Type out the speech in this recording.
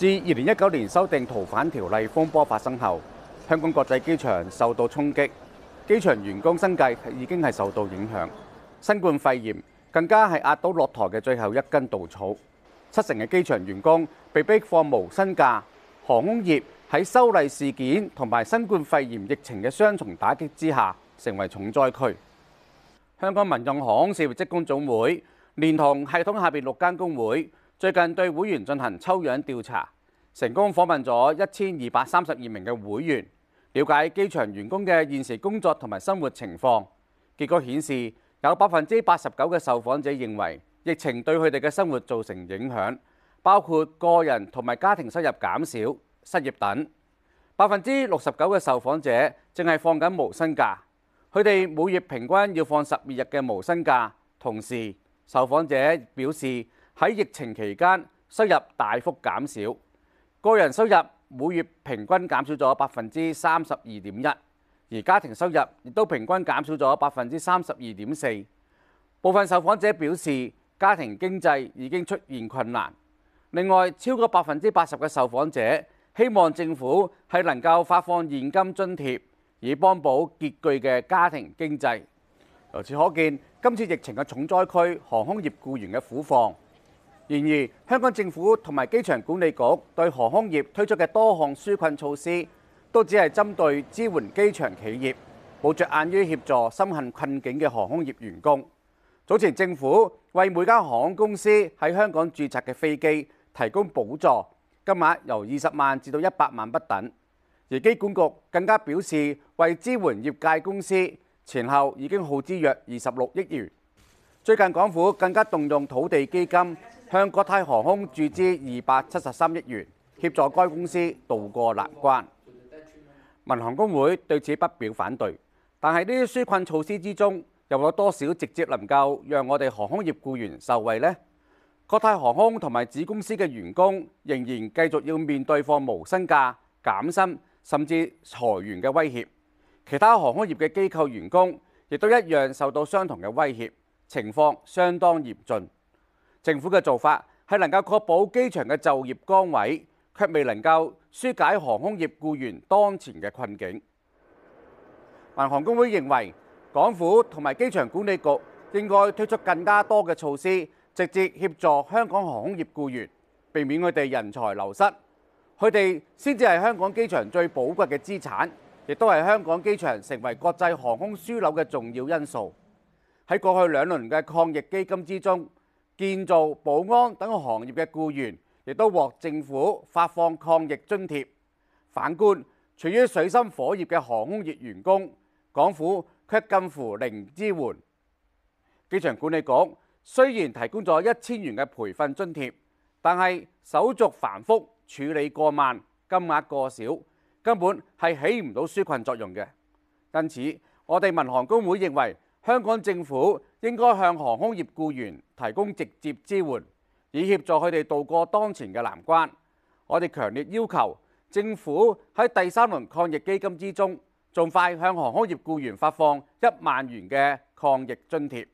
自二零一九年修訂逃犯條例風波發生後，香港國際機場受到衝擊，機場員工生計已經係受到影響。新冠肺炎更加係壓倒駱駝嘅最後一根稻草。七成嘅機場員工被逼放無薪假，航空業喺修例事件同埋新冠肺炎疫情嘅雙重打擊之下，成為重災區。香港民用航空事業職工總會連同系統下面六間工會最近對會員進行抽樣調查。成功訪問咗一千二百三十二名嘅會員，了解機場員工嘅現時工作同埋生活情況。結果顯示，有百分之八十九嘅受訪者認為疫情對佢哋嘅生活造成影響，包括個人同埋家庭收入減少、失業等。百分之六十九嘅受訪者正係放緊無薪假，佢哋每月平均要放十二日嘅無薪假。同時，受訪者表示喺疫情期間收入大幅減少。個人收入每月平均減少咗百分之三十二點一，而家庭收入亦都平均減少咗百分之三十二點四。部分受訪者表示，家庭經濟已經出現困難。另外，超過百分之八十嘅受訪者希望政府係能夠發放現金津貼，以幫補拮據嘅家庭經濟。由此可見，今次疫情嘅重災區航空業僱員嘅苦況。然而，香港政府同埋機場管理局對航空業推出嘅多項紓困措施，都只係針對支援機場企業，冇着眼於協助深陷困境嘅航空業員工。早前政府為每間航空公司喺香港註冊嘅飛機提供補助，金額由二十萬至到一百萬不等。而機管局更加表示，為支援業界公司，前後已經耗資約二十六億元。最近港府更加動用土地基金。向國泰航空注資二百七十三億元，協助該公司渡過難關。民航公會對此不表反對，但係呢啲紓困措施之中，又有多少直接能夠讓我哋航空業僱員受惠呢？國泰航空同埋子公司嘅員工仍然繼續要面對放無薪假、減薪甚至裁員嘅威脅。其他航空業嘅機構員工亦都一樣受到相同嘅威脅，情況相當嚴峻。政府嘅做法係能夠確保機場嘅就業崗位，卻未能夠紓解航空業僱員當前嘅困境。民航工會認為，港府同埋機場管理局應該推出更加多嘅措施，直接協助香港航空業僱員，避免佢哋人才流失。佢哋先至係香港機場最寶貴嘅資產，亦都係香港機場成為國際航空樞紐嘅重要因素。喺過去兩輪嘅抗疫基金之中，建造、保安等行業嘅僱員，亦都獲政府發放抗疫津貼。反觀，處於水深火熱嘅航空業員工，港府卻近乎零支援。機場管理局，雖然提供咗一千元嘅培訓津貼，但係手續繁複、處理過慢、金額過少，根本係起唔到紓困作用嘅。因此，我哋民航公會認為。香港政府應該向航空業僱員提供直接支援，以協助佢哋渡過當前嘅難關。我哋強烈要求政府喺第三輪抗疫基金之中，盡快向航空業僱員發放一萬元嘅抗疫津貼。